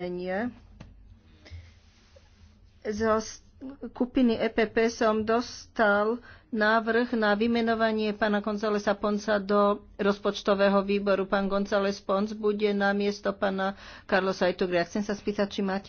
Nie. Zo skupiny EPP som dostal návrh na vymenovanie pána Gonzálesa Ponca do rozpočtového výboru. Pán Gonzales Pons bude na miesto pána Carlosa Itugria. Chcem sa spýtať, či máte